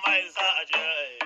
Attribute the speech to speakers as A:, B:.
A: mai
B: za